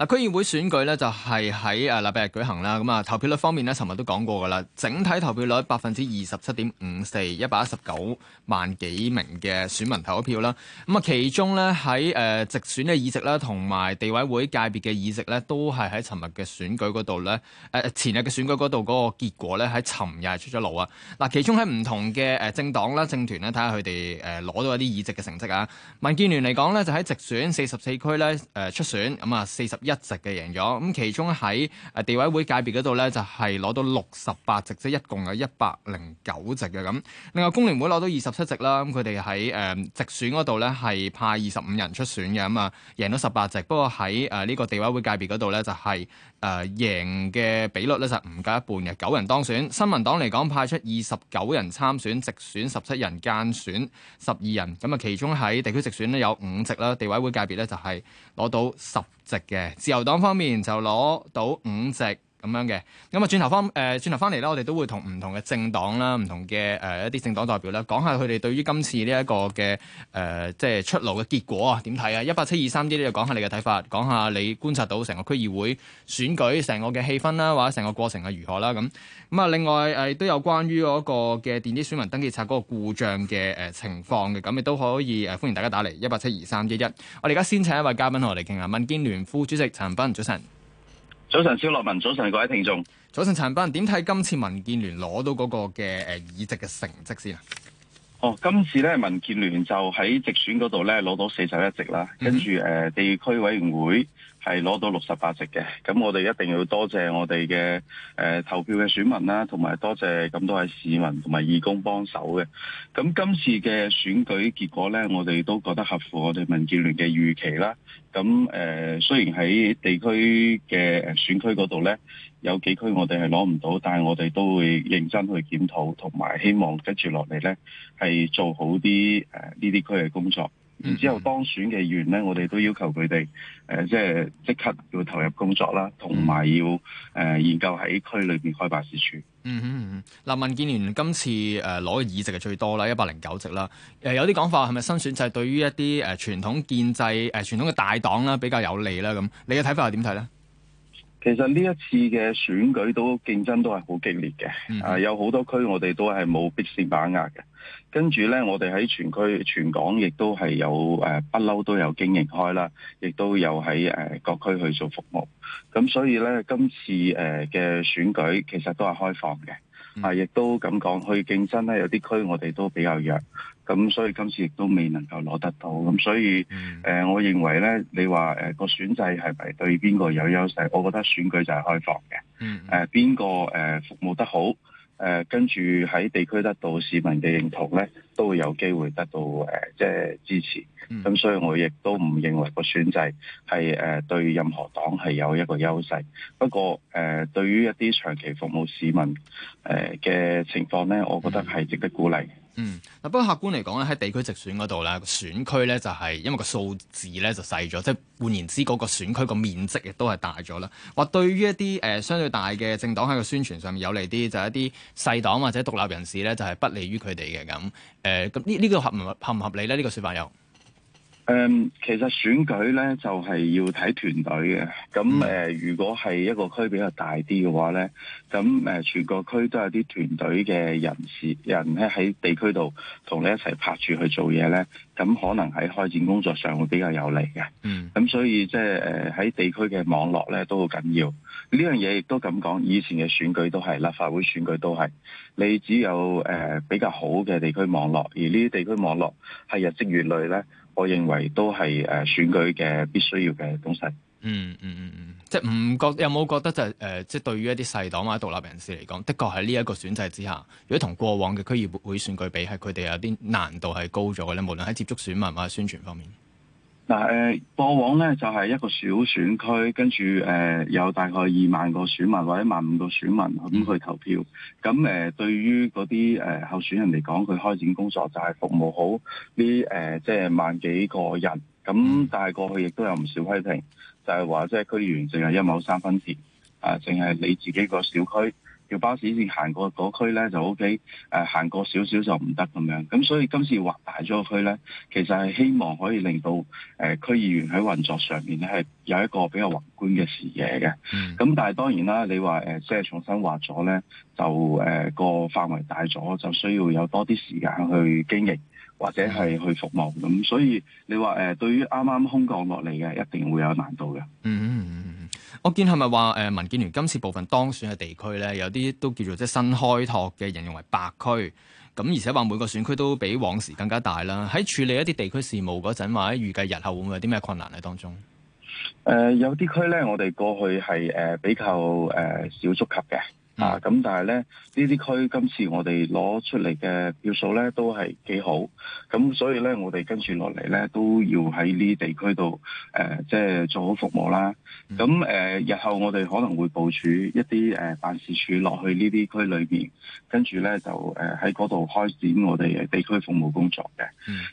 嗱，區議會選舉咧就係喺誒禮拜日舉行啦。咁、嗯、啊，投票率方面咧，尋日都講過㗎啦。整體投票率百分之二十七點五四，一百一十九萬幾名嘅選民投票啦。咁、嗯、啊，其中咧喺誒直選嘅議席啦，同埋地委會界別嘅議席咧，都係喺尋日嘅選舉嗰度咧，誒、呃、前日嘅選舉嗰度嗰個結果咧，喺尋日係出咗爐啊。嗱、嗯，其中喺唔同嘅誒政黨啦、政團咧，睇下佢哋誒攞到一啲議席嘅成績啊。民建聯嚟講咧，就喺直選四十四區咧誒、呃、出選，咁啊四十一，一席嘅贏咗咁，其中喺誒地委會界別嗰度呢，就係攞到六十八席，即係一共有一百零九席嘅咁。另外工聯會攞到二十七席啦，咁佢哋喺誒直選嗰度呢，係派二十五人出選嘅，咁啊贏咗十八席。不過喺誒呢個地委會界別嗰度呢，就係誒贏嘅比率呢，就唔夠一半嘅九人當選。新民黨嚟講派出二十九人參選，直選十七人，間選十二人。咁啊，其中喺地區直選呢，有五席啦，地委會界別呢，就係攞到十。食嘅自由黨方面就攞到五席。咁樣嘅，咁啊轉頭翻誒轉頭翻嚟啦。我哋都會同唔同嘅、呃、政黨啦、唔同嘅誒一啲政黨代表啦，講下佢哋對於今次呢一個嘅誒、呃、即係出爐嘅結果啊點睇啊？1, 一八七二三 D 就講下你嘅睇法，講下你觀察到成個區議會選舉成個嘅氣氛啦，或者成個過程係如何啦咁。咁、嗯、啊、嗯、另外誒、呃、都有關於嗰個嘅電子選民登記冊嗰個故障嘅誒、呃、情況嘅，咁亦都可以誒、呃、歡迎大家打嚟一八七二三一一。我哋而家先請一位嘉賓同我哋傾下，民建聯副主席陳恒鑌，早晨。早晨，肖樂文，早晨各位聽眾，早晨陳鑌。點睇今次民建聯攞到嗰個嘅誒，議席嘅成績先啊？哦，今次咧，民建聯就喺直選嗰度咧，攞到四十一席啦，跟住誒，地區委員會。係攞到六十八席嘅，咁我哋一定要多謝我哋嘅誒投票嘅選民啦，啊，同埋多謝咁多位市民同埋義工幫手嘅。咁今次嘅選舉結果呢，我哋都覺得合乎我哋民建聯嘅預期啦。咁誒、呃，雖然喺地區嘅選區嗰度呢，有幾區我哋係攞唔到，但係我哋都會認真去檢討，同埋希望跟住落嚟呢係做好啲誒呢啲區嘅工作。然之後當選嘅議員咧，我哋都要求佢哋誒即係即刻要投入工作啦，同埋要誒、呃、研究喺區裏邊開辦事處。嗯哼，嗱、嗯嗯嗯，民建聯今次誒攞、呃、議席係最多啦，一百零九席啦。誒、呃、有啲講法係咪新選制對於一啲誒傳統建制誒傳、呃、統嘅大黨啦比較有利啦？咁你嘅睇法係點睇咧？其實呢一次嘅選舉都競爭都係好激烈嘅，mm hmm. 啊有好多區我哋都係冇必線把握嘅，跟住呢，我哋喺全區全港亦都係有誒不嬲都有經營開啦，亦都有喺誒、啊、各區去做服務，咁所以呢，今次誒嘅、啊、選舉其實都係開放嘅，mm hmm. 啊亦都咁講去競爭呢，有啲區我哋都比較弱。咁所以今次亦都未能夠攞得到，咁所以誒、mm hmm. 呃、我認為咧，你話誒個選制係咪對邊個有優勢，我覺得選舉就係開放嘅，嗯、mm，誒邊個誒服務得好，誒跟住喺地區得到市民嘅認同咧，都會有機會得到誒即係支持。咁、mm hmm. 所以，我亦都唔認為個選制係誒對任何黨係有一個優勢。不過誒、呃、對於一啲長期服務市民誒嘅、呃、情況咧，我覺得係值得鼓勵。Mm hmm. 嗯，嗱，不過客觀嚟講咧，喺地區直選嗰度咧，選區咧就係、是、因為個數字咧就細咗，即係換言之，嗰、那個選區個面積亦都係大咗啦。話對於一啲誒、呃、相對大嘅政黨喺個宣傳上面有利啲，就是、一啲細黨或者獨立人士咧就係、是、不利於佢哋嘅咁。誒、呃，咁呢呢個合唔合唔合理咧？呢、這個說法有？誒、嗯，其實選舉咧就係、是、要睇團隊嘅。咁誒、嗯、呃，如果係一個區比較大啲嘅話咧，咁誒、呃，全個區都有啲團隊嘅人士人咧喺地區度同你一齊拍住去做嘢咧，咁可能喺開展工作上會比較有利嘅。嗯，咁、呃、所以即係誒喺地區嘅網絡咧都好緊要。呢樣嘢亦都咁講，以前嘅選舉都係立法會選舉都係，你只有誒、呃、比較好嘅地區網絡，而呢啲地區網絡係日積月累咧。我認為都係誒選舉嘅必須要嘅東西。嗯嗯嗯嗯，即係唔覺有冇覺得就係誒，即係對於一啲細黨或者獨立人士嚟講，的確喺呢一個選制之下，如果同過往嘅區議會選舉比，係佢哋有啲難度係高咗嘅咧。無論喺接觸選民或者宣傳方面。但係誒、呃，過往咧就係、是、一個小選區，跟住誒、呃、有大概二萬個選民或者萬五個選民咁、嗯、去投票。咁誒、呃，對於嗰啲誒候選人嚟講，佢開展工作就係服務好呢誒、呃，即係萬幾個人。咁但係過去亦都有唔少批評，就係、是、話即係區議員淨係一畝三分田，啊、呃，淨係你自己個小區。叫巴士線過 OK，呃、過小小行過嗰區咧就 OK，誒行過少少就唔得咁樣。咁所以今次劃大咗個區咧，其實係希望可以令到誒、呃、區議員喺運作上面咧係有一個比較宏觀嘅視野嘅。咁、嗯、但係當然啦，你話誒、呃、即係重新劃咗咧，就誒個、呃、範圍大咗，就需要有多啲時間去經營或者係去服務咁，嗯、所以你話誒、呃、對於啱啱空降落嚟嘅一定會有難度嘅。嗯嗯嗯。我見係咪話誒民建聯今次部分當選嘅地區咧，有啲都叫做即係新開拓嘅，形容為白區。咁而且話每個選區都比往時更加大啦。喺處理一啲地區事務嗰陣，或者預計日後會唔會有啲咩困難喺當中？誒、呃、有啲區咧，我哋過去係誒、呃、比較誒少觸及嘅。啊，咁但係咧呢啲區今次我哋攞出嚟嘅票數咧都係幾好，咁所以咧我哋跟住落嚟咧都要喺呢啲地區度誒、呃，即係做好服務啦。咁誒、嗯呃，日後我哋可能會部署一啲誒、呃、辦事處落去裡呢啲區裏邊，跟住咧就誒喺嗰度開展我哋地區服務工作嘅。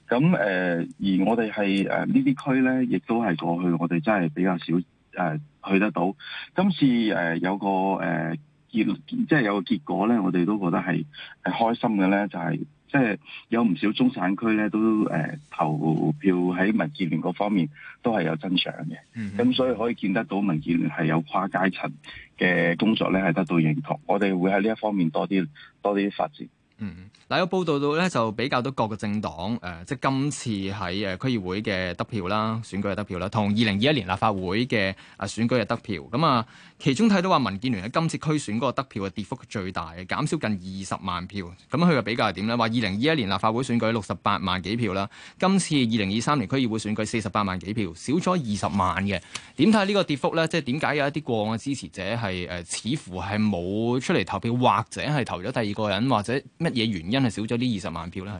咁誒、嗯呃，而我哋係誒呢啲區咧，亦都係過去我哋真係比較少誒、呃、去得到。今次誒、呃、有個誒。呃即係有個結果咧，我哋都覺得係係開心嘅咧，就係、是、即係有唔少中產區咧都誒、呃、投票喺民建聯嗰方面都係有增長嘅，咁、mm hmm. 嗯、所以可以見得到民建聯係有跨階層嘅工作咧係得到認同，我哋會喺呢一方面多啲多啲發展。嗯，嗱有報道到咧，就比較到各個政黨誒、呃，即係今次喺誒、呃、區議會嘅得票啦，選舉嘅得票啦，同二零二一年立法會嘅啊選舉嘅得票。咁、嗯、啊，其中睇到話民建聯喺今次區選嗰個得票嘅跌幅最大嘅，減少近二十萬票。咁佢嘅比較係點呢？話二零二一年立法會選舉六十八萬幾票啦，今次二零二三年區議會選舉四十八萬幾票，少咗二十萬嘅。點睇呢個跌幅呢？即係點解有一啲過往嘅支持者係誒、呃，似乎係冇出嚟投票，或者係投咗第二個人，或者？乜嘢原因係少咗呢二十萬票咧？係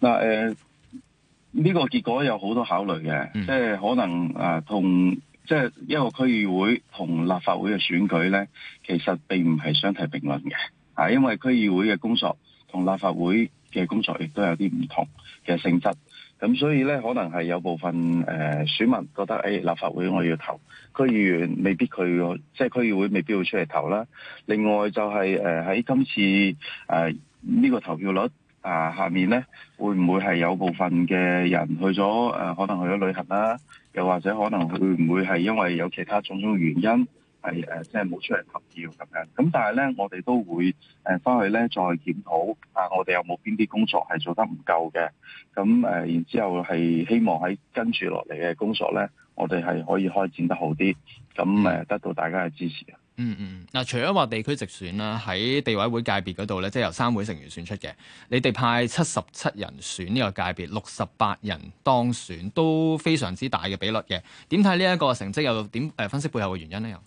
嗱，誒、呃，呢、這個結果有好多考慮嘅、嗯呃，即係可能啊，同即係一個區議會同立法會嘅選舉咧，其實並唔係相提並論嘅，啊，因為區議會嘅工作同立法會嘅工作亦都有啲唔同嘅性質。咁所以咧，可能係有部分誒、呃、選民覺得，誒、哎、立法會我要投區議員，未必佢即係區議會未必會出嚟投啦。另外就係誒喺今次誒呢、呃呢個投票率啊、呃、下面咧，會唔會係有部分嘅人去咗誒、呃、可能去咗旅行啦、啊？又或者可能佢會唔會係因為有其他種種原因？係誒，即係冇出嚟投票咁樣，咁但係咧，我哋都會誒翻去咧再檢討，啊，我哋有冇邊啲工作係做得唔夠嘅？咁誒、啊，然之後係希望喺跟住落嚟嘅工作咧，我哋係可以開展得好啲，咁誒得到大家嘅支持。嗯嗯，嗱、嗯，除咗話地區直選啦，喺地委會界別嗰度咧，即、就、係、是、由三會成員選出嘅，你哋派七十七人選呢個界別六十八人當選，都非常之大嘅比率嘅。點睇呢一個成績又點？誒、呃，分析背後嘅原因咧又？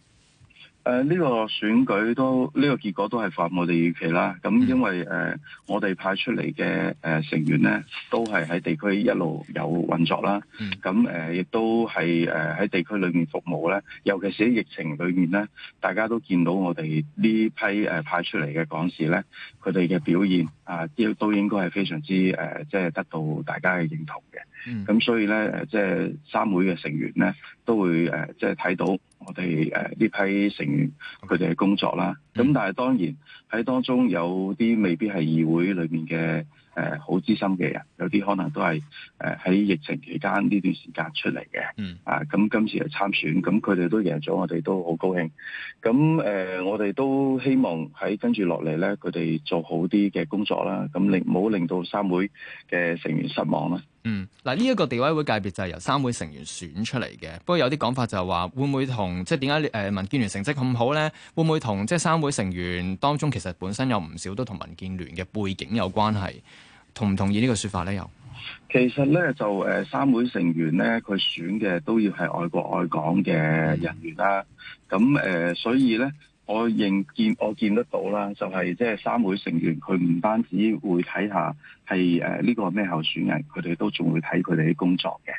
誒，呢、呃這個選舉都呢、這個結果都係符合我哋預期啦。咁因為誒、呃，我哋派出嚟嘅誒成員咧，都係喺地區一路有運作啦。咁誒、呃，亦都係誒喺地區裏面服務咧。尤其是喺疫情裏面咧，大家都見到我哋呢批誒派、呃、出嚟嘅港士咧，佢哋嘅表現啊，都、呃、都應該係非常之誒、呃，即係得到大家嘅認同嘅。咁、嗯、所以咧，即係三會嘅成員咧，都會誒、呃，即係睇到我哋誒呢批成員佢哋嘅工作啦。咁、嗯、但係當然喺當中有啲未必係議會裏面嘅誒好資深嘅人，有啲可能都係誒喺疫情期間呢段時間出嚟嘅。嗯、啊，咁今次又參選，咁佢哋都贏咗，我哋都好高興。咁、嗯、誒、呃，我哋都希望喺跟住落嚟咧，佢哋做好啲嘅工作啦。咁令冇令到三會嘅成員失望啦。嗯，嗱，呢一個地委會界別就係由三會成員選出嚟嘅，不過有啲講法就係話會唔會同即係點解，誒民建聯成績咁好咧？會唔會同即係三會成員當中其實本身有唔少都同民建聯嘅背景有關係？同唔同意呢個説法咧？又其實咧就誒、呃、三會成員咧，佢選嘅都要係愛國愛港嘅人員啦、啊，咁誒、嗯呃、所以咧。我認見我見得到啦，就係即係三會成員，佢唔單止會睇下係誒呢個係咩候選人，佢哋都仲會睇佢哋啲工作嘅。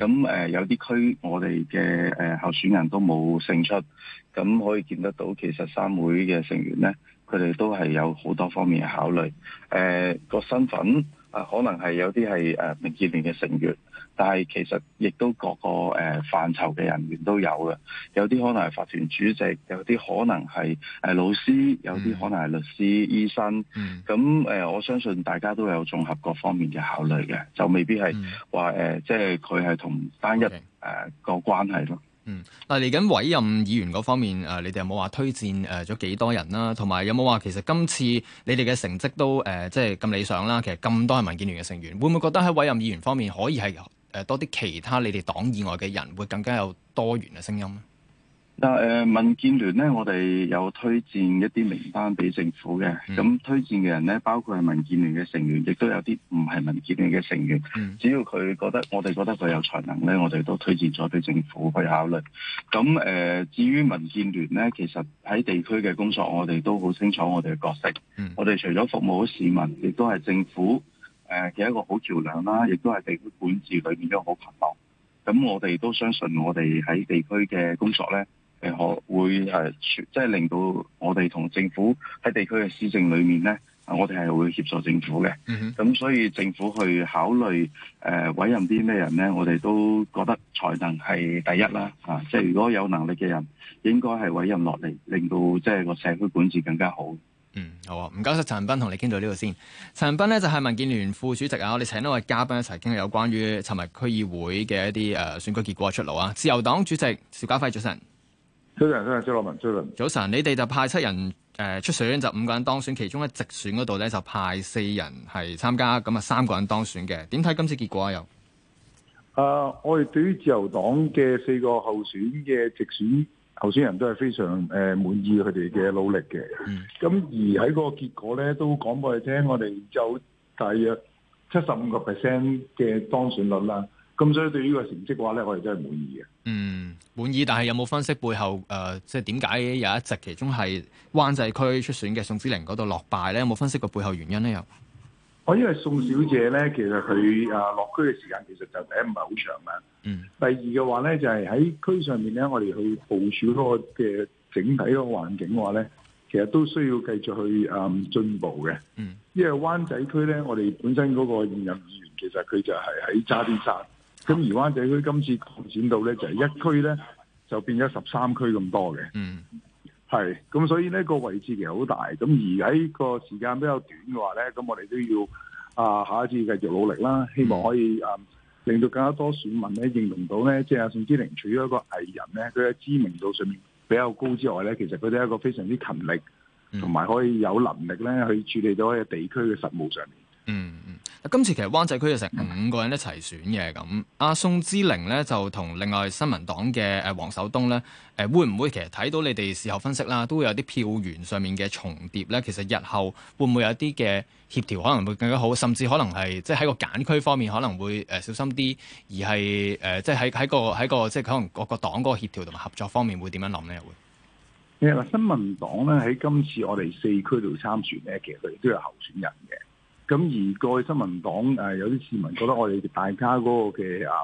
咁誒、嗯呃、有啲區我哋嘅誒候選人都冇勝出，咁可以見得到其實三會嘅成員咧，佢哋都係有好多方面嘅考慮。誒、呃、個身份。啊、呃，可能係有啲係誒，民建聯嘅成員，但係其實亦都各個誒範疇嘅人員都有嘅，有啲可能係法團主席，有啲可能係誒、呃、老師，有啲可能係律師、醫生。咁誒、嗯呃，我相信大家都有綜合各方面嘅考慮嘅，就未必係話誒，即係佢係同單一誒 Okay.、呃、個關係咯。嗯，嗱，嚟緊委任議員嗰方面，誒你哋有冇話推薦誒咗幾多人啦？同埋有冇話其實今次你哋嘅成績都誒即係咁理想啦。其實咁多係民建聯嘅成員，會唔會覺得喺委任議員方面可以係誒、呃、多啲其他你哋黨以外嘅人，會更加有多元嘅聲音？嗱、呃，民建聯咧，我哋有推薦一啲名單俾政府嘅，咁、mm hmm. 推薦嘅人咧，包括係民建聯嘅成員，亦都有啲唔係民建聯嘅成員，mm hmm. 只要佢覺得我哋覺得佢有才能咧，我哋都推薦咗俾政府去考慮。咁誒、呃，至於民建聯咧，其實喺地區嘅工作，我哋都好清楚我哋嘅角色，mm hmm. 我哋除咗服務市民，亦都係政府誒嘅、呃、一個好橋樑啦，亦都係地區管治裏面一個好羣落。咁我哋都相信我哋喺地區嘅工作咧。誒，學會誒，即、就、係、是、令到我哋同政府喺地區嘅市政裏面咧，我哋係會協助政府嘅。咁、mm hmm. 嗯、所以政府去考慮誒委任啲咩人咧，我哋都覺得才能係第一啦。啊、即、就、係、是、如果有能力嘅人，應該係委任落嚟，令到即係個社區管治更加好。嗯，好啊。唔該晒陳斌，同你傾到呢度先。陳斌咧就係、是、民建聯副主席啊。我哋請到位嘉賓一齊傾下有關於尋日區議會嘅一啲誒選舉結果嘅出爐啊。自由黨主席邵家輝早晨。早晨，早晨，朱樂民，早晨。早晨，你哋就派七人誒、呃、出選，就五個人當選，其中一直選嗰度咧就派四人係參加，咁、嗯、啊三個人當選嘅。點睇今次結果啊？又啊、呃，我哋對於自由黨嘅四個候選嘅直選候選人都係非常誒滿、呃、意佢哋嘅努力嘅、嗯嗯。嗯。咁而喺嗰個結果咧，都講俾我哋聽，我哋有大約七十五個 percent 嘅當選率啦。咁所以對呢個成績嘅話咧，我哋真係滿意嘅。嗯，滿意，但係有冇分析背後誒，即係點解有一席其中係灣仔區出選嘅宋子玲嗰度落敗咧？有冇分析過背後原因咧？又我因為宋小姐咧，其實佢誒落區嘅時間其實就第一唔係好長嘅。嗯，第二嘅話咧，就係、是、喺區上面咧，我哋去部署嗰個嘅整體嗰個環境嘅話咧，其實都需要繼續去誒進步嘅。嗯，嗯因為灣仔區咧，我哋本身嗰個現任議員其實佢就係喺渣甸山。咁怡灣地區今次擴展到咧就係一區咧，就變咗十三區咁多嘅。嗯，係。咁所以呢個位置其實好大。咁而喺個時間比較短嘅話咧，咁我哋都要啊下一次繼續努力啦。希望可以啊令到更加多選民咧認同到咧，即係啊宋之齡除咗一個藝人咧，佢嘅知名度上面比較高之外咧，其實佢哋係一個非常之勤力，同埋可以有能力咧去處理到個地區嘅實務上面。嗯嗯。今次其實灣仔區有成五個人一齊選嘅咁，阿、嗯啊、宋之玲呢，就同另外新民黨嘅誒黃守東呢，誒、啊、會唔會其實睇到你哋事後分析啦，都會有啲票源上面嘅重疊呢？其實日後會唔會有啲嘅協調可能會更加好，甚至可能係即係喺個揀區方面可能會誒、呃、小心啲，而係誒即係喺喺個喺個即係、就是、可能各個黨嗰個協調同埋合作方面會點樣諗呢？會？誒，新民黨呢，喺今次我哋四區度參選呢，其實佢哋都有候選人嘅。咁而個新民黨，誒、呃、有啲市民覺得我哋大家嗰個嘅啊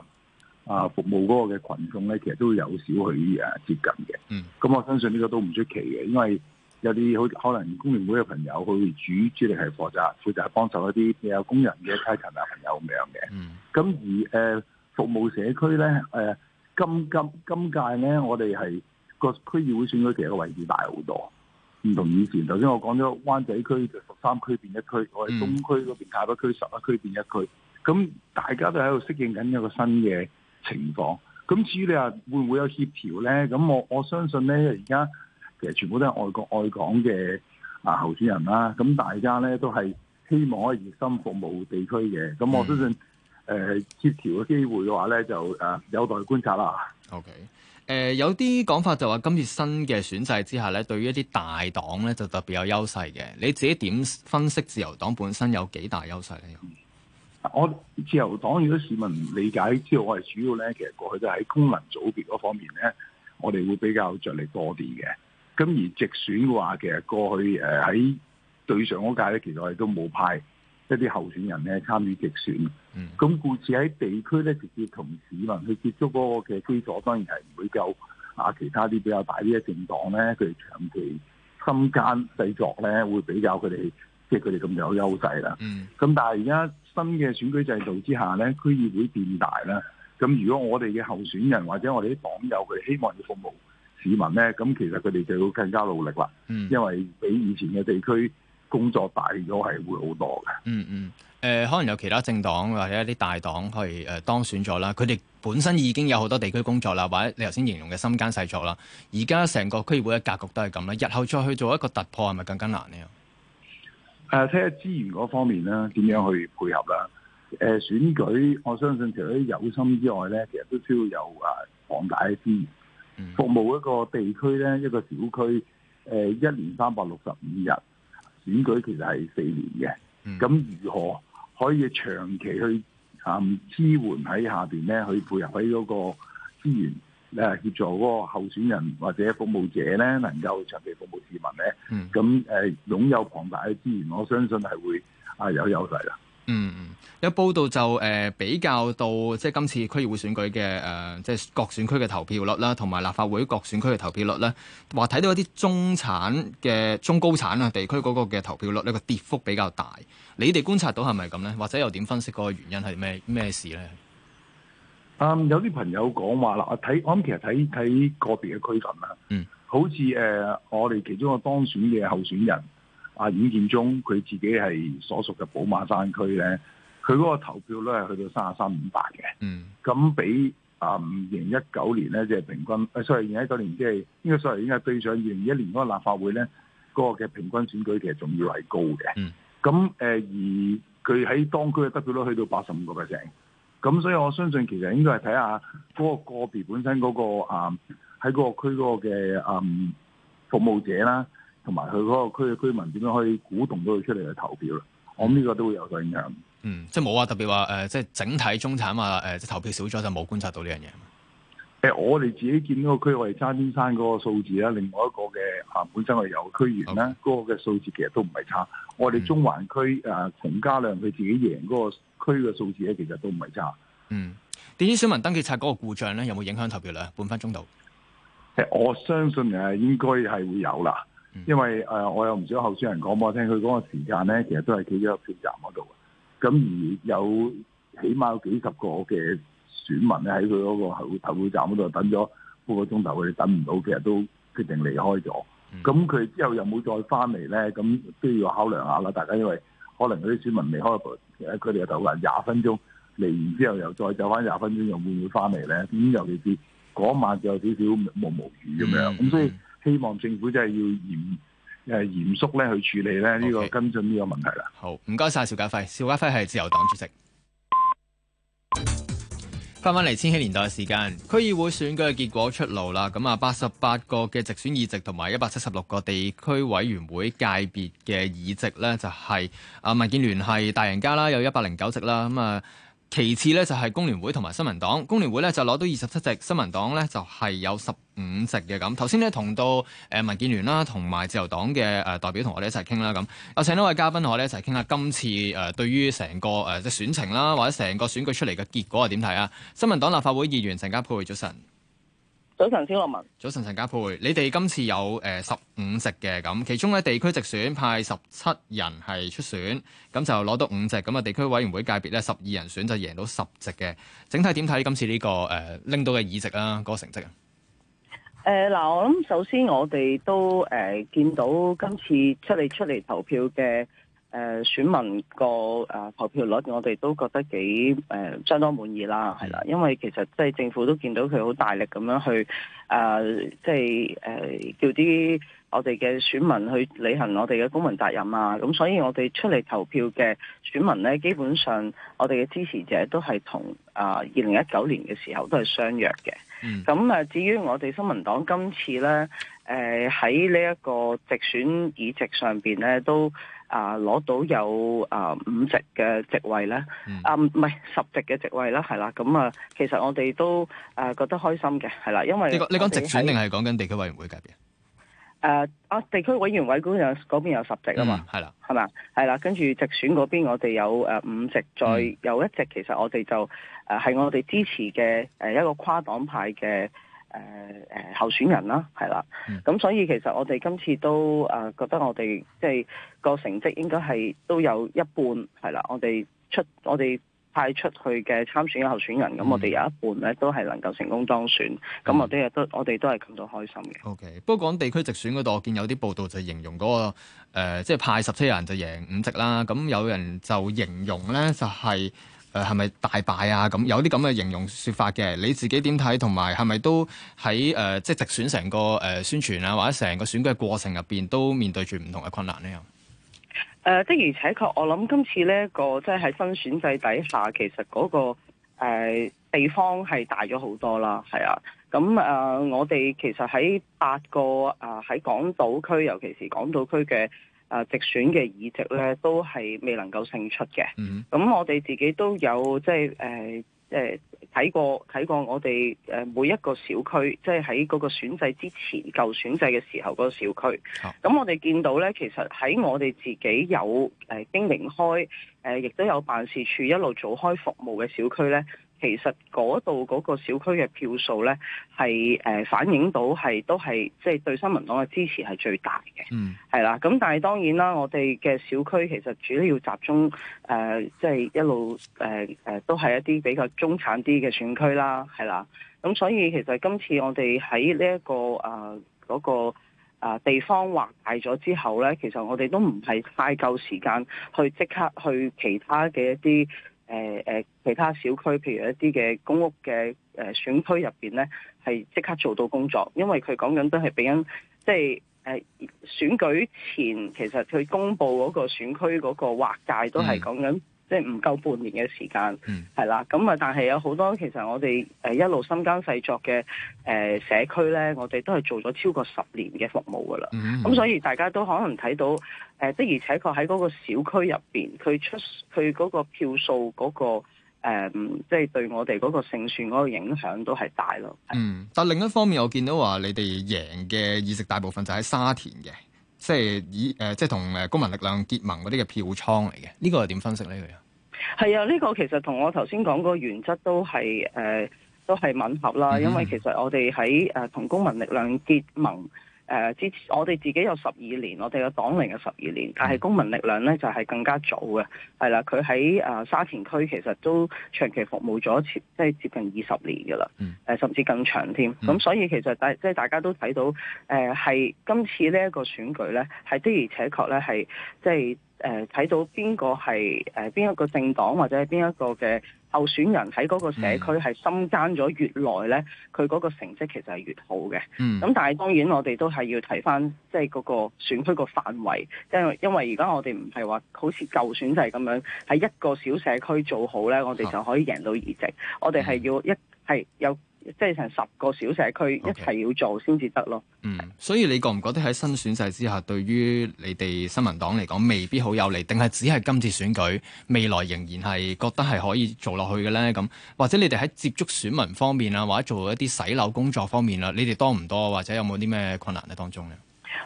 啊服務嗰個嘅群眾咧，其實都有少去誒接近嘅。Mm. 嗯，咁我相信呢個都唔出奇嘅，因為有啲好可能工聯會嘅朋友佢會主主力係負責負責幫手一啲有工人嘅階層啊朋友，咁樣嘅。嗯、mm.，咁而誒服務社區咧誒、呃、今今今屆咧，我哋係個區議會選舉其實個位置大好多，唔同以前，頭先我講咗灣仔區就十三區變一區，嗯、我喺東區嗰邊太北區十一區變一區，咁大家都喺度適應緊一個新嘅情況。咁至於你話會唔會有協調咧？咁我我相信咧，而家其實全部都係愛國愛港嘅啊候選人啦。咁大家咧都係希望可以熱心服務地區嘅。咁我相信誒、嗯呃、協調嘅機會嘅話咧，就誒、呃、有待觀察啦。OK。誒、呃、有啲講法就話今次新嘅選制之下咧，對於一啲大黨咧就特別有優勢嘅。你自己點分析自由黨本身有幾大優勢咧？我自由黨如果市民理解之後，我係主要咧，其實過去都係喺功能組別嗰方面咧，我哋會比較着力多啲嘅。咁而直選嘅話，其實過去誒喺、呃、對上嗰屆咧，其實我哋都冇派。一啲候選人咧參與直選，咁、嗯、故此喺地區咧直接同市民去接觸嗰個嘅基礎，當然係唔會夠。啊，其他啲比較大啲嘅政黨咧，佢哋長期深耕細作咧，會比較佢哋，即係佢哋咁有優勢啦。咁、嗯、但係而家新嘅選舉制度之下咧，區議會變大啦。咁如果我哋嘅候選人或者我哋啲黨友佢希望要服務市民咧，咁其實佢哋就要更加努力啦。嗯、因為比以前嘅地區工作大咗係會好多嘅。嗯，嗯嗯，誒、呃，可能有其他政黨或者一啲大黨去誒、呃、當選咗啦，佢哋本身已經有好多地區工作啦，或者你頭先形容嘅深耕細作啦，而家成個區議會嘅格局都係咁啦，日後再去做一個突破係咪更加難咧？誒、啊，睇下資源嗰方面啦，點樣去配合啦？誒、嗯呃，選舉我相信除咗有心之外咧，其實都需要有誒放大資源，服務一個地區咧，一個小區，誒、呃，一年三百六十五日。選舉其實係四年嘅，咁、嗯、如何可以長期去啊、嗯、支援喺下面咧，去配合喺嗰個資源誒、啊、協助嗰個候選人或者服務者咧，能夠長期服務市民咧？咁誒、嗯呃、擁有龐大嘅資源，我相信係會啊有優勢啦。嗯嗯，有報道就誒、呃、比較到即係今次區議會選舉嘅誒、呃、即係各選區嘅投票率啦，同埋立法會各選區嘅投票率咧，話睇到一啲中產嘅中高產啊地區嗰個嘅投票率呢個跌幅比較大，你哋觀察到係咪咁咧？或者又點分析嗰個原因係咩咩事咧？嗯，有啲朋友講話啦，我睇我諗其實睇睇個別嘅區咁啦，嗯，好似誒、呃、我哋其中一個當選嘅候選人。阿尹、啊、建中佢自己係所屬嘅寶馬山區咧，佢嗰個投票率係去到三十三五八嘅，咁、嗯、比啊二零一九年咧即係平均，sorry 二零一九年即係呢個 sorry 應該對上二零二一年嗰個立法會咧嗰、那個嘅平均選舉其實仲要係高嘅，咁誒、嗯呃、而佢喺當區嘅得票率去到八十五個 percent，咁所以我相信其實應該係睇下嗰個個別本身嗰、那個啊喺嗰個區嗰個嘅嗯、呃、服務者啦。同埋佢嗰個區嘅居民點樣可以鼓動到佢出嚟去投票咧？我諗呢個都會有影響㗎。嗯，即係冇啊，特別話誒，即、呃、係整體中產啊，誒、呃，投票少咗就冇觀察到呢樣嘢。誒、呃，我哋自己見到個區外沙先生嗰個數字啦，另外一個嘅啊，本身係有區員啦，嗰、嗯、個嘅數字其實都唔係差。嗯、我哋中環區誒洪、呃、家亮佢自己贏嗰個區嘅數字咧，其實都唔係差。嗯，電子選民登記冊嗰個故障咧，有冇影響投票量？半分鐘度，誒、呃，我相信誒應該係會有啦。因為誒、呃，我有唔少候選人講俾我聽，佢嗰個時間咧，其實都係企咗入票站嗰度。咁而有起碼有幾十個嘅選民咧，喺佢嗰個投票站嗰度等咗半個鐘頭，佢哋等唔到，其實都決定離開咗。咁佢之後又冇再翻嚟咧？咁都要考量下啦。大家因為可能嗰啲選民離開佢哋嘅投票站廿分鐘嚟完之後，又再走翻廿分鐘，又會唔會翻嚟咧？咁尤其是嗰晚就有少少毛毛雨咁樣，咁所以。希望政府真係要嚴誒嚴肅咧去處理咧呢個跟進呢個問題啦。好，唔該晒邵家輝，邵家輝係自由黨主席。翻翻嚟千禧年代嘅時間，區議會選舉嘅結果出爐啦。咁啊，八十八個嘅直選議席同埋一百七十六個地區委員會界別嘅議席呢，就係啊民建聯係大贏家啦，有一百零九席啦。咁啊。其次咧就係工聯會同埋新民黨，工聯會咧就攞到二十七席，新民黨咧就係有十五席嘅咁。頭先咧同到誒民建聯啦，同埋自由黨嘅誒代表同我哋咧一齊傾啦咁。有請呢位嘉賓同我哋一齊傾下今次誒對於成個誒即選情啦，或者成個選舉出嚟嘅結果係點睇啊？新民黨立法會議員陳家珮，早晨。早晨，蕭樂文。早晨，陳家珮。你哋今次有誒十五席嘅，咁，其中咧地區直選派十七人係出選，咁就攞到五席。咁啊，地區委員會界別咧十二人選就贏到十席嘅。整體點睇今次呢、這個誒拎、呃、到嘅議席啊，嗰、那個成績啊？誒，嗱，我諗首先我哋都誒、呃、見到今次出嚟出嚟投票嘅。誒、呃、選民個誒、呃、投票率，我哋都覺得幾誒、呃、相當滿意啦，係啦，因為其實即係政府都見到佢好大力咁樣去誒，即係誒叫啲我哋嘅選民去履行我哋嘅公民責任啊，咁所以我哋出嚟投票嘅選民咧，基本上我哋嘅支持者都係同啊二零一九年嘅時候都係相若嘅。嗯、mm.，咁誒至於我哋新民黨今次咧，誒喺呢一個直選議席上邊咧都。啊！攞到有啊、呃、五席嘅席位咧，嗯、啊唔係十席嘅席位啦，係啦，咁、嗯、啊，其實我哋都誒、呃、覺得開心嘅，係啦，因為你講直選定係講緊地區委員會界別？誒、呃、啊！地區委員會嗰邊有嗰邊有十席啊嘛，係啦、嗯，係嘛，係啦，跟住直選嗰邊我哋有誒、呃、五席，再有一席，其實我哋就誒係、呃、我哋支持嘅誒一個跨黨派嘅。誒誒、呃呃、候選人啦，係啦，咁、嗯、所以其實我哋今次都誒、呃、覺得我哋即係個成績應該係都有一半，係啦，我哋出我哋派出去嘅參選嘅候選人，咁、嗯、我哋有一半咧都係能夠成功當選，咁、嗯、我哋都我哋都係感到開心嘅。O、okay, K，不過講地區直選嗰度，我見有啲報道就形容嗰、那個即係、呃就是、派十七人就贏五席啦，咁有人就形容咧就係、是。誒係咪大敗啊？咁有啲咁嘅形容説法嘅，你自己點睇？同埋係咪都喺誒、呃、即係直選成個誒、呃、宣傳啊，或者成個選舉嘅過程入邊都面對住唔同嘅困難呢？誒、呃、的而且確，我諗今次呢個即係喺新選制底下，其實嗰、那個、呃、地方係大咗好多啦。係啊，咁、嗯、誒、呃、我哋其實喺八個誒喺、呃、港島區，尤其是港島區嘅。啊！直選嘅議席咧，都係未能夠勝出嘅。咁、mm hmm. 嗯、我哋自己都有即係誒誒睇過睇過我哋誒、呃、每一個小區，即係喺嗰個選制之前舊選制嘅時候嗰個小區。咁、oh. 嗯、我哋見到咧，其實喺我哋自己有誒經營開誒，亦、呃、都有辦事處一路做開服務嘅小區咧。其實嗰度嗰個小區嘅票數呢，係誒、呃、反映到係都係即係對新民黨嘅支持係最大嘅，嗯，係啦。咁但係當然啦，我哋嘅小區其實主要集中誒，即、呃、係、就是、一路誒誒、呃，都係一啲比較中產啲嘅選區啦，係啦。咁、嗯、所以其實今次我哋喺呢一個誒嗰、呃嗰個地方劃大咗之後呢，其實我哋都唔係太夠時間去即刻去其他嘅一啲。誒誒，其他小區譬如一啲嘅公屋嘅誒、呃、選區入邊咧，係即刻做到工作，因為佢講緊都係俾緊，即係誒、呃、選舉前，其實佢公布嗰個選區嗰個劃界都係講緊。即係唔夠半年嘅時間，係啦、嗯，咁啊，但係有好多其實我哋誒一路深耕細作嘅誒、呃、社區咧，我哋都係做咗超過十年嘅服務噶啦，咁、嗯嗯、所以大家都可能睇到誒、呃，的而且確喺嗰個小區入邊，佢出佢個票數嗰、那個誒，即、呃、係、就是、對我哋嗰個勝算嗰個影響都係大咯。嗯，但另一方面，我見到話你哋贏嘅議席大部分就喺沙田嘅。即係以誒、呃，即係同誒公民力量結盟嗰啲嘅票倉嚟嘅，呢個係點分析呢？佢係啊，呢個其實同我頭先講個原則都係誒，都係吻合啦。因為其實我哋喺誒同公民力量結盟。這個 誒，之、呃、我哋自己有十二年，我哋嘅黨齡有十二年，但係公民力量咧就係、是、更加早嘅，係啦，佢喺誒沙田區其實都長期服務咗接，即係接近二十年嘅啦，誒、呃、甚至更長添。咁、嗯、所以其實大即係大家都睇到，誒、呃、係今次呢一個選舉咧，係的而且確咧係即係。誒睇、呃、到邊個係誒邊一個政黨或者邊一個嘅候選人喺嗰個社區係深耕咗越耐咧，佢嗰、嗯、個成績其實係越好嘅。嗯，咁、嗯、但係當然我哋都係要睇返即係嗰個選區個範圍，因為因為而家我哋唔係話好似舊選制咁樣喺一個小社區做好咧，我哋就可以贏到議席。啊嗯、我哋係要一係有。即係成十個小社區一齊要做先至得咯。Okay. 嗯，所以你覺唔覺得喺新選制之下，對於你哋新民黨嚟講，未必好有利？定係只係今次選舉，未來仍然係覺得係可以做落去嘅呢？咁或者你哋喺接觸選民方面啊，或者做一啲洗樓工作方面啦，你哋多唔多？或者有冇啲咩困難喺當中呢？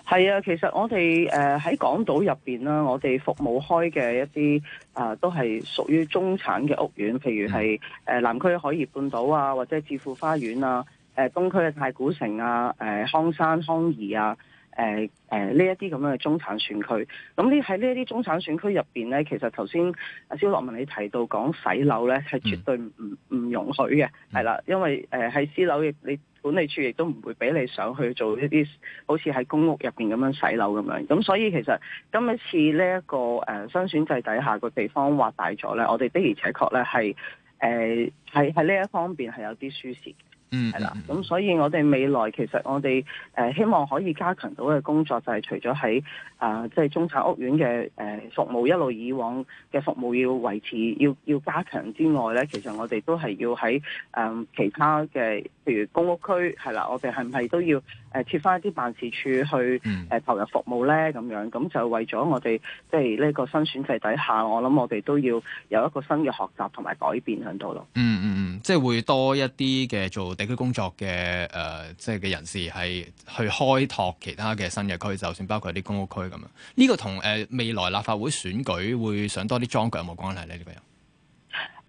係啊，其實我哋誒喺港島入邊啦，我哋服務開嘅一啲啊、呃，都係屬於中產嘅屋苑，譬如係誒、呃、南區海怡半島啊，或者置富花園啊，誒、呃、東區嘅太古城啊，誒、呃、康山康怡啊。誒誒，呢一啲咁樣嘅中產選區，咁呢喺呢一啲中產選區入邊咧，其實頭先阿蕭樂文你提到講洗樓咧，係絕對唔唔容許嘅，係啦、嗯，因為誒喺私樓亦你管理處亦都唔會俾你上去做一啲好似喺公屋入邊咁樣洗樓咁樣，咁所以其實今一次呢、這、一個誒、呃、新選制底下個地方劃大咗咧，我哋的而且確咧係誒喺喺呢一方面係有啲舒適。 嗯，係、嗯、啦，咁所以我哋未來其實我哋誒希望可以加強到嘅工作就係除咗喺啊即係中產屋苑嘅誒服務，一路以往嘅服務要維持，要要加強之外咧，其實我哋都係要喺誒其他嘅。 譬如公屋區係啦，我哋係唔係都要誒設翻一啲辦事處去誒、呃、投入服務咧？咁樣咁就為咗我哋即係呢個新選制底下，我諗我哋都要有一個新嘅學習同埋改變喺度咯。嗯嗯嗯，即係會多一啲嘅做地區工作嘅誒、呃，即係嘅人士係去開拓其他嘅新嘅區，就算包括啲公屋區咁樣。呢、這個同誒、呃、未來立法會選舉會想多啲莊腳有冇關係呢？呢、這個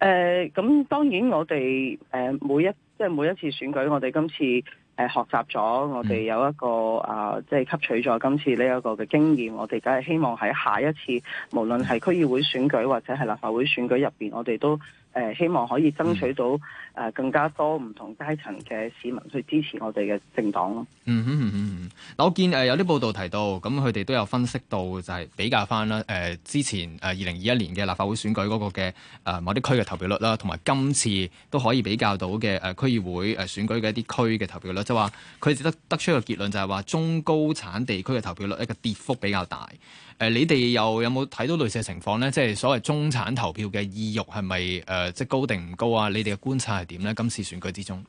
誒咁、呃嗯、當然我，我哋誒每一即係每一次選舉，我哋今次誒、呃、學習咗，我哋有一個啊、呃，即係吸取咗今次呢一個嘅經驗，我哋梗係希望喺下一次，無論係區議會選舉或者係立法會選舉入邊，我哋都，誒希望可以爭取到誒更加多唔同階層嘅市民去支持我哋嘅政黨咯、嗯。嗯嗯嗯嗯。嗱、嗯、我見誒有啲報道提到，咁佢哋都有分析到就係比較翻啦。誒、呃、之前誒二零二一年嘅立法會選舉嗰個嘅誒、呃、某啲區嘅投票率啦，同埋今次都可以比較到嘅誒區議會誒選舉嘅一啲區嘅投票率，就話佢哋得得出一個結論，就係話中高產地區嘅投票率一個跌幅比較大。誒、呃，你哋又有冇睇到類似嘅情況呢？即係所謂中產投票嘅意欲係咪誒，即係高定唔高啊？你哋嘅觀察係點呢？今次選舉之中，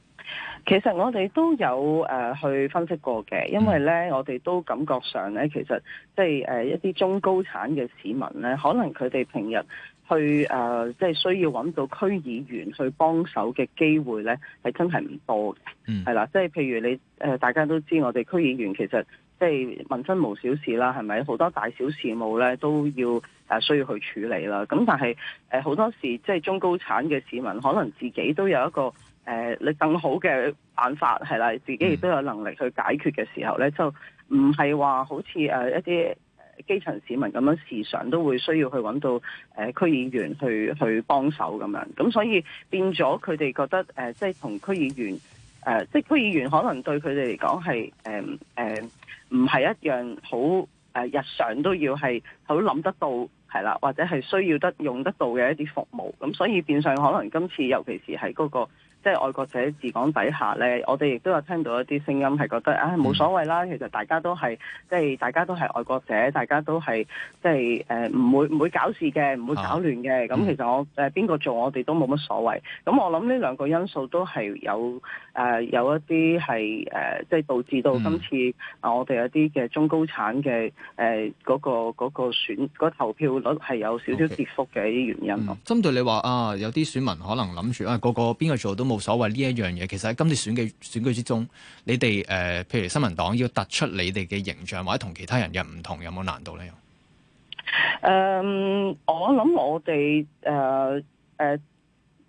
其實我哋都有誒、呃、去分析過嘅，因為呢，我哋都感覺上呢，其實即係誒、呃、一啲中高產嘅市民呢，可能佢哋平日去誒、呃，即係需要揾到區議員去幫手嘅機會呢，係真係唔多嘅。係啦、嗯，即係譬如你誒、呃，大家都知我哋區議員其實。即係民生無小事啦，係咪？好多大小事務咧，都要誒、啊、需要去處理啦。咁但係誒好多時，即係中高產嘅市民，可能自己都有一個誒你、呃、更好嘅辦法係啦，自己亦都有能力去解決嘅時候咧，就唔係話好似誒、呃、一啲基層市民咁樣，時常都會需要去揾到誒、呃、區議員去去幫手咁樣。咁所以變咗佢哋覺得誒、呃，即係同區議員誒、呃，即係區議員可能對佢哋嚟講係誒誒。呃呃呃唔係一樣好誒、呃、日常都要係好諗得到係啦，或者係需要得用得到嘅一啲服務，咁所以變相可能今次尤其是喺嗰個。即係愛國者治港底下咧，我哋亦都有聽到一啲聲音，係覺得啊冇所謂啦。其實大家都係即係大家都係愛國者，大家都係即係誒唔會唔會搞事嘅，唔會搞亂嘅。咁、啊嗯、其實我誒邊個做，我哋都冇乜所謂。咁我諗呢兩個因素都係有誒、呃、有一啲係誒即係導致到今次我哋有啲嘅中高產嘅誒嗰個嗰、嗰個選嗰個投票率係有少少跌幅嘅啲原因咯、okay. 嗯。針對你話啊，有啲選民可能諗住啊，個個邊個做都。冇所謂呢一樣嘢，其實喺今次選嘅選舉之中，你哋誒、呃，譬如新民黨要突出你哋嘅形象，或者同其他人嘅唔同，有冇難度咧？誒、um，我諗我哋誒誒，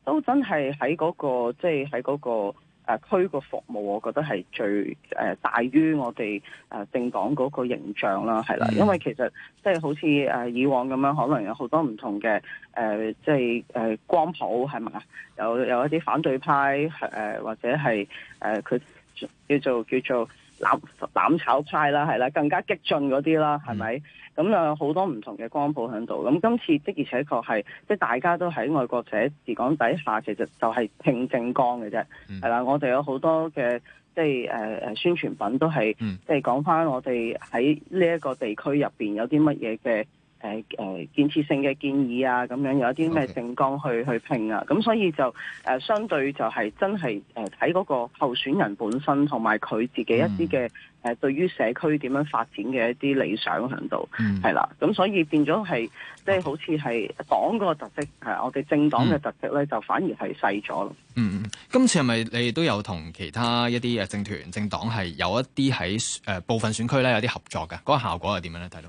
都真係喺嗰個，即係喺嗰個。誒、呃、區個服務，我覺得係最誒、呃、大於我哋誒、呃、政黨嗰個形象啦，係啦，因為其實即係好似誒以往咁樣，可能有好多唔同嘅誒、呃，即係誒、呃、光譜係咪？有有一啲反對派誒，或者係誒佢叫做叫做，叫做攬攬炒派啦，係啦，更加激進嗰啲啦，係咪？咁啊、嗯嗯，好多唔同嘅光譜喺度。咁今次的而且確係，即係大家都喺愛國者治港底下，其實就係拼政綱嘅啫。係啦，我哋有好多嘅，即係誒誒宣傳品都係，嗯、即係講翻我哋喺呢一個地區入邊有啲乜嘢嘅。誒誒、呃，建設性嘅建議啊，咁樣有一啲咩政綱去 Okay. 去拼啊，咁所以就誒、呃、相對就係真係誒睇嗰個候選人本身同埋佢自己一啲嘅誒對於社區點樣發展嘅一啲理想喺度，係、嗯、啦，咁所以變咗係即係好似係黨嗰個特色，係、嗯、我哋政黨嘅特色咧，就反而係細咗咯。嗯嗯，今次係咪你都有同其他一啲嘅政團政黨係有一啲喺誒部分選區咧有啲合作嘅？嗰、那個效果係點樣咧？睇到。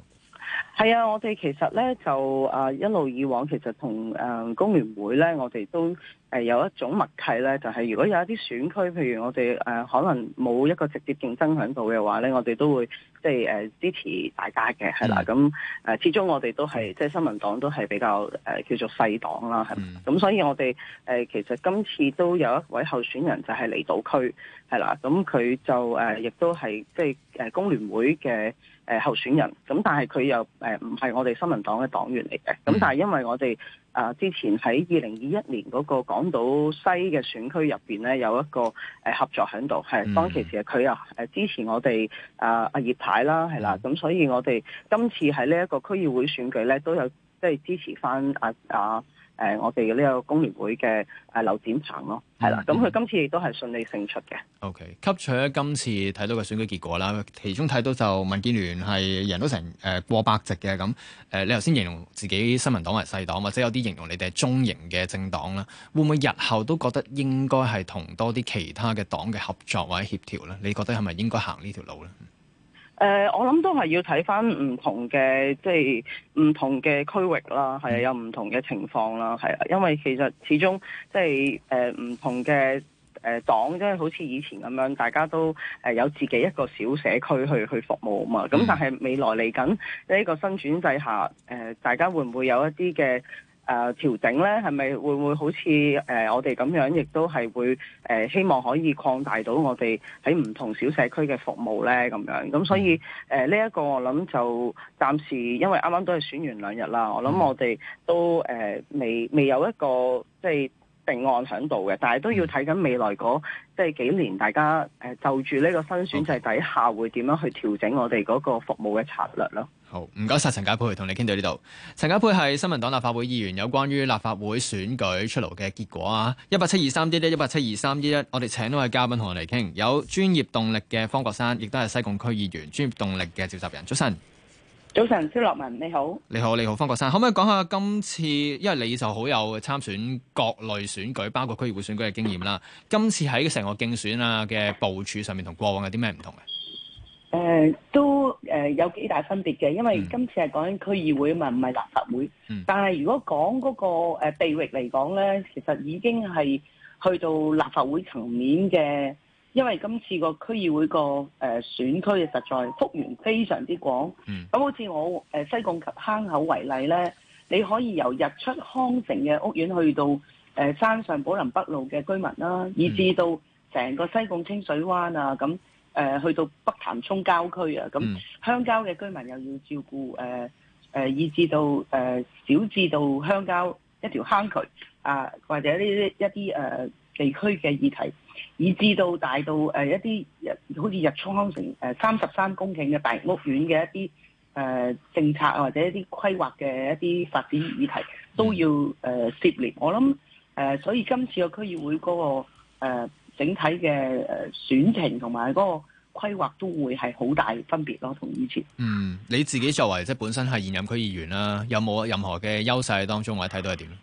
係啊，我哋其實咧就啊、呃、一路以往，其實同誒、呃、工聯會咧，我哋都。誒、呃、有一種默契咧，就係、是、如果有一啲選區，譬如我哋誒、呃、可能冇一個直接競爭響度嘅話咧，我哋都會即係誒支持大家嘅，係啦。咁誒、嗯嗯、始終我哋都係即係新民黨都係比較誒、呃、叫做細黨啦，係嘛，咁、嗯、所以我哋誒、呃、其實今次都有一位候選人就係離島區，係啦。咁佢就誒亦都係即係誒工聯會嘅誒、呃、候選人，咁但係佢又誒唔係我哋新民黨嘅黨員嚟嘅。咁、嗯、但係因為我哋啊！之前喺二零二一年嗰個港島西嘅選區入邊咧，有一個誒、呃、合作喺度，係當其時佢又誒支持我哋啊啊葉太啦，係啦，咁、嗯、所以我哋今次喺呢一個區議會選舉咧，都有即係、就是、支持翻阿、啊。啊！誒、呃，我哋呢個工聯會嘅誒劉展鵬咯，係啦、嗯，咁佢今次亦都係順利勝出嘅。OK，吸取咗今次睇到嘅選舉結果啦，其中睇到就民建聯系人都成誒、呃、過百席嘅咁。誒、呃，你頭先形容自己新民黨係細黨，或者有啲形容你哋係中型嘅政黨啦，會唔會日後都覺得應該係同多啲其他嘅黨嘅合作或者協調咧？你覺得係咪應該行呢條路咧？誒、呃，我諗都係要睇翻唔同嘅，即係唔同嘅區域啦，係有唔同嘅情況啦，係啊，因為其實始終即係誒唔同嘅誒黨，即係、呃呃、好似以前咁樣，大家都誒、呃、有自己一個小社區去去服務啊嘛。咁、嗯、但係未來嚟緊呢個新轉制下，誒、呃、大家會唔會有一啲嘅誒、呃、調整咧，係咪會唔會好似誒、呃、我哋咁樣，亦都係會誒、呃、希望可以擴大到我哋喺唔同小社區嘅服務咧？咁樣咁、嗯、所以誒呢一個我諗就暫時，因為啱啱都係選完兩日啦，我諗我哋都誒、呃、未未有一個即係定案喺度嘅，但係都要睇緊未來嗰即係幾年，大家誒、呃、就住呢個新選制底下會點樣去調整我哋嗰個服務嘅策略咯。好，唔該晒，陳家珮，同你傾到呢度。陳家珮係新民黨立法會議員，有關於立法會選舉出爐嘅結果啊！1, 1, 一八七二三一一一八七二三一一，我哋請到一位嘉賓同我哋傾，有專業動力嘅方國珊，亦都係西貢區議員，專業動力嘅召集人，早晨。早晨，蕭樂文你好，你好你好方國珊，可唔可以講下今次，因為你就好有參選各類選舉，包括區議會選舉嘅經驗啦。今次喺成個競選啊嘅部署上面同過往有啲咩唔同嘅？誒，都誒有幾大分別嘅，因為今次係講區議會啊嘛，唔係立法會。但係如果講嗰個誒地域嚟講咧，其實已經係去到立法會層面嘅。因為今次個區議會個誒選區嘅實在幅員非常之廣，咁好似我誒西貢及坑口為例呢，你可以由日出康城嘅屋苑去到誒山上寶林北路嘅居民啦，以至到成個西貢清水灣啊，咁誒去到北潭涌郊區啊，咁鄉郊嘅居民又要照顧誒誒，以至到誒小至到鄉郊一條坑渠啊，或者呢啲一啲誒地區嘅議題。以至到大到誒、呃、一啲日，好似日出康城誒三十三公頃嘅大屋苑嘅一啲誒、呃、政策，或者一啲規劃嘅一啲發展議題都要誒、呃、涉獵。我諗，誒、呃，所以今次個區議會嗰、那個、呃、整體嘅誒選情同埋嗰個規劃都會係好大分別咯，同以前。嗯，你自己作為即係本身係現任區議員啦，有冇任何嘅優勢當中，或者睇到係點？誒、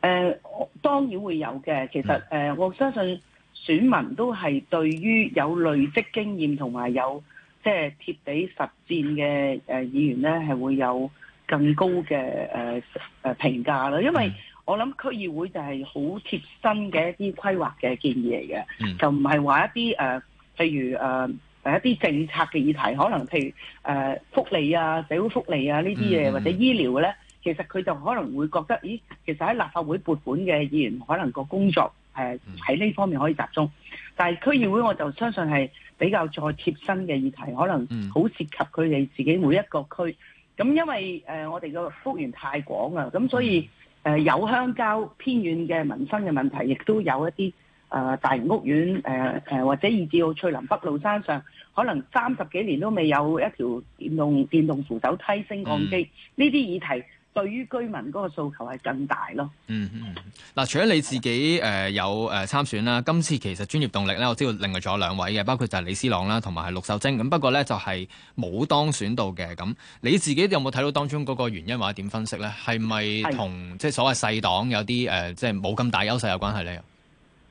呃，當然會有嘅。其實誒、呃，我相信、嗯。選民都係對於有累積經驗同埋有即係貼地實戰嘅誒議員咧，係會有更高嘅誒誒評價啦。因為我諗區議會就係好貼身嘅一啲規劃嘅建議嚟嘅，就唔係話一啲誒譬如誒誒一啲政策嘅議題，可能譬如誒、呃、福利啊、社會福利啊呢啲嘢，或者醫療咧，其實佢就可能會覺得，咦，其實喺立法會撥款嘅議員，可能個工作。誒喺呢方面可以集中，但係區議會我就相信係比較再貼身嘅議題，可能好涉及佢哋自己每一個區。咁因為誒、呃、我哋嘅幅員太廣喇，咁所以誒、呃、有鄉郊偏遠嘅民生嘅問題，亦都有一啲誒、呃、大型屋苑誒誒、呃、或者以至到翠林北路山上，可能三十幾年都未有一條電動電動扶手梯升降機呢啲、嗯、議題。對於居民嗰個訴求係更大咯。嗯嗯，嗱、嗯，除咗你自己誒、呃、有誒參選啦，今次其實專業動力咧，我知道另外仲有兩位嘅，包括就係李思朗啦，同埋係陸秀晶。咁不過咧，就係、是、冇當選到嘅。咁你自己有冇睇到當中嗰個原因或者點分析咧？係咪同即係所謂細黨有啲誒、呃，即係冇咁大優勢有關係咧？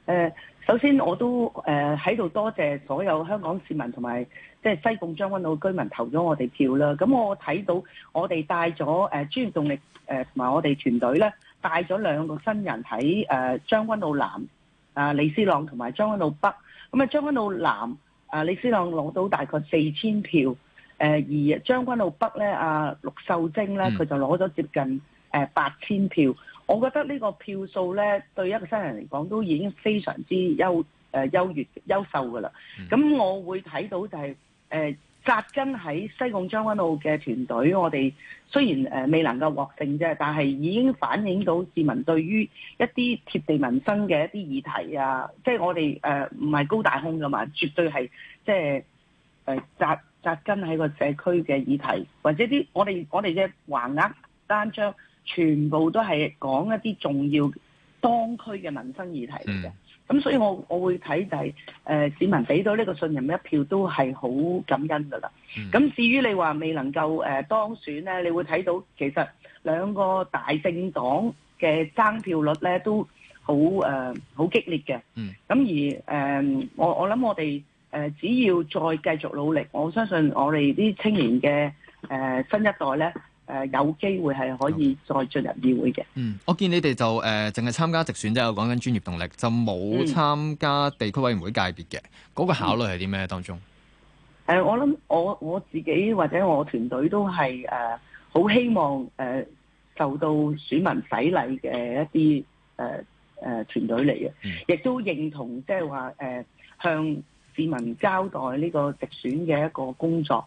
誒、呃，首先我都誒喺度多謝所有香港市民同埋。即係西貢將軍澳居民投咗我哋票啦，咁我睇到我哋帶咗誒、呃、專業動力誒同埋我哋團隊咧，帶咗兩個新人喺誒將軍澳南啊李思朗同埋將軍澳北，咁啊將軍澳南啊李思朗攞到大概四千票，誒而將軍澳北咧阿陸秀貞咧佢就攞咗接近誒八千票，我覺得呢個票數咧對一個新人嚟講都已經非常之優誒、呃、優越優秀㗎啦，咁、嗯、我會睇到就係、是。呃、紮根喺西貢將軍澳嘅團隊，我哋雖然誒、呃、未能夠確定啫，但係已經反映到市民對於一啲貼地民生嘅一啲議題啊，即係我哋誒唔係高大空噶嘛，絕對係即係、呃、紮紮根喺個社區嘅議題，或者啲我哋我哋嘅橫額單張全部都係講一啲重要當區嘅民生議題嚟嘅。嗯咁所以我，我我會睇就係、是，誒、呃、市民俾到呢個信任一票都係好感恩噶啦。咁、mm. 至於你話未能夠誒、呃、當選咧，你會睇到其實兩個大政黨嘅爭票率咧都好誒好激烈嘅。咁、mm. 而誒、呃、我我諗我哋誒只要再繼續努力，我相信我哋啲青年嘅誒、呃、新一代咧。誒、呃、有機會係可以再進入議會嘅。嗯，我見你哋就誒淨係參加直選啫，講緊專業動力，就冇參加地區委員會界別嘅。嗰、嗯、個考慮係啲咩當中？誒、嗯呃，我諗我我自己或者我團隊都係誒好希望誒、呃、受到選民洗禮嘅一啲誒誒團隊嚟嘅，亦、嗯、都認同即係話誒向市民交代呢個直選嘅一個工作。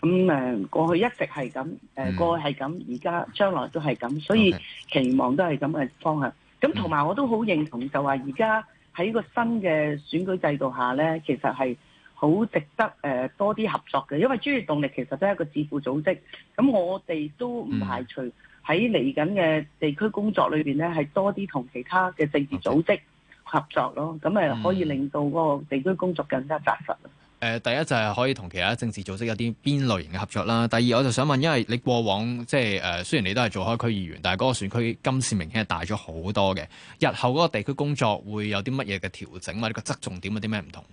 咁誒過去一直係咁，誒、嗯、過去係咁，而家將來都係咁，所以期望都係咁嘅方向。咁同埋我都好認同就話而家喺個新嘅選舉制度下咧，其實係好值得誒、呃、多啲合作嘅，因為專業動力其實都係一個智庫組織。咁、嗯、我哋都唔排除喺嚟緊嘅地區工作裏邊咧，係多啲同其他嘅政治組織合作咯。咁誒、嗯、可以令到嗰個地區工作更加紮實。誒、呃、第一就係可以同其他政治組織有啲邊類型嘅合作啦。第二我就想問，因為你過往即係誒、呃，雖然你都係做開區議員，但係嗰個選區今次明顯係大咗好多嘅。日後嗰個地區工作會有啲乜嘢嘅調整或者、這個側重點有啲咩唔同？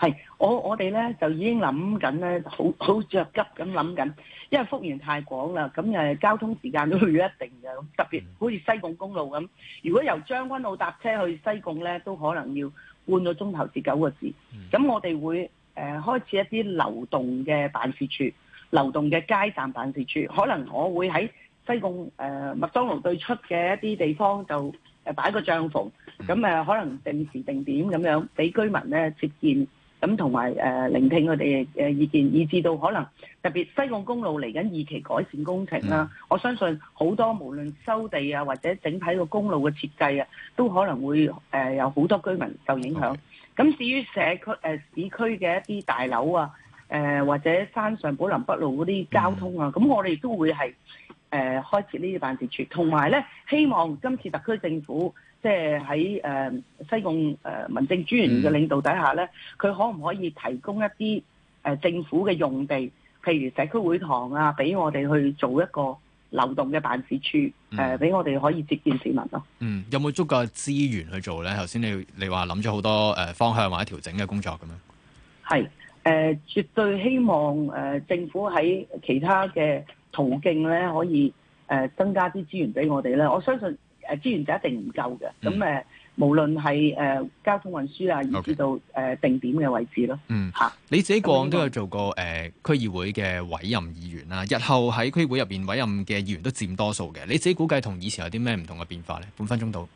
係我我哋咧就已經諗緊咧，好好着急咁諗緊，因為幅員太廣啦，咁誒交通時間都去咗一定嘅，特別、嗯、好似西貢公路咁。如果由將軍澳搭車去西貢咧，都可能要半個鐘頭至九個字。咁我哋會。誒開始一啲流動嘅辦事處，流動嘅街站辦事處，可能我會喺西貢誒麥、呃、當勞對出嘅一啲地方就誒擺個帳篷，咁誒、嗯、可能定時定點咁樣俾居民咧接見，咁同埋誒聆聽佢哋嘅意見，以至到可能特別西貢公路嚟緊二期改善工程啦、啊，嗯、我相信好多無論收地啊或者整體個公路嘅設計啊，都可能會誒、呃、有好多居民受影響。Okay. 咁至於社區誒、呃、市區嘅一啲大樓啊，誒、呃、或者山上寶林北路嗰啲交通啊，咁、嗯、我哋都會係誒、呃、開設呢啲辦事處，同埋咧希望今次特區政府即係喺誒西貢誒、呃、民政專員嘅領導底下咧，佢可唔可以提供一啲誒、呃、政府嘅用地，譬如社區會堂啊，俾我哋去做一個流動嘅辦事處，誒、呃、俾、嗯、我哋可以接見市民咯。嗯，有冇足夠資源去做咧？頭先你你話諗咗好多誒方向或者調整嘅工作咁樣？係誒、呃，絕對希望誒、呃、政府喺其他嘅途徑咧，可以誒、呃、增加啲資源俾我哋啦。我相信誒資源就一定唔夠嘅，咁誒、嗯。無論係誒、呃、交通運輸啊，以至到誒 Okay.、呃、定點嘅位置咯。嗯，嚇你自己過往都有做過誒、呃、區議會嘅委任議員啦、啊。日後喺區議會入邊委任嘅議員都佔多數嘅。你自己估計同以前有啲咩唔同嘅變化咧？半分鐘到。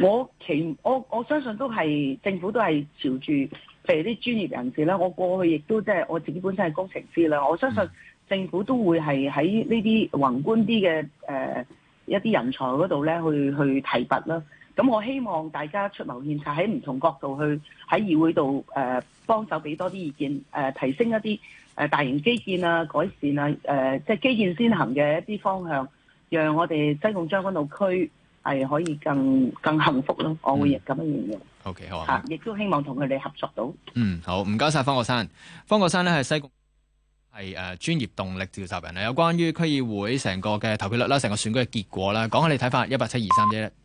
我其我我相信都係政府都係朝住譬如啲專業人士啦。我過去亦都即係我自己本身係工程師啦。我相信政府都會係喺呢啲宏觀啲嘅誒一啲、呃、人才嗰度咧去去提拔啦。咁我希望大家出謀獻策，喺唔同角度去喺議會度誒、呃、幫手，俾多啲意見誒、呃，提升一啲誒大型基建啊、改善啊誒、呃，即係基建先行嘅一啲方向，讓我哋西貢將軍澳區係可以更更幸福咯。嗯、我會咁樣形容。O K，好嚇，亦、嗯、都希望同佢哋合作到。嗯，好，唔該晒，方國珊。方國珊咧係西貢係誒專業動力召集人啊。有關於區議會成個嘅投票率啦，成個選舉嘅結果啦，講下你睇法，一八七二三一。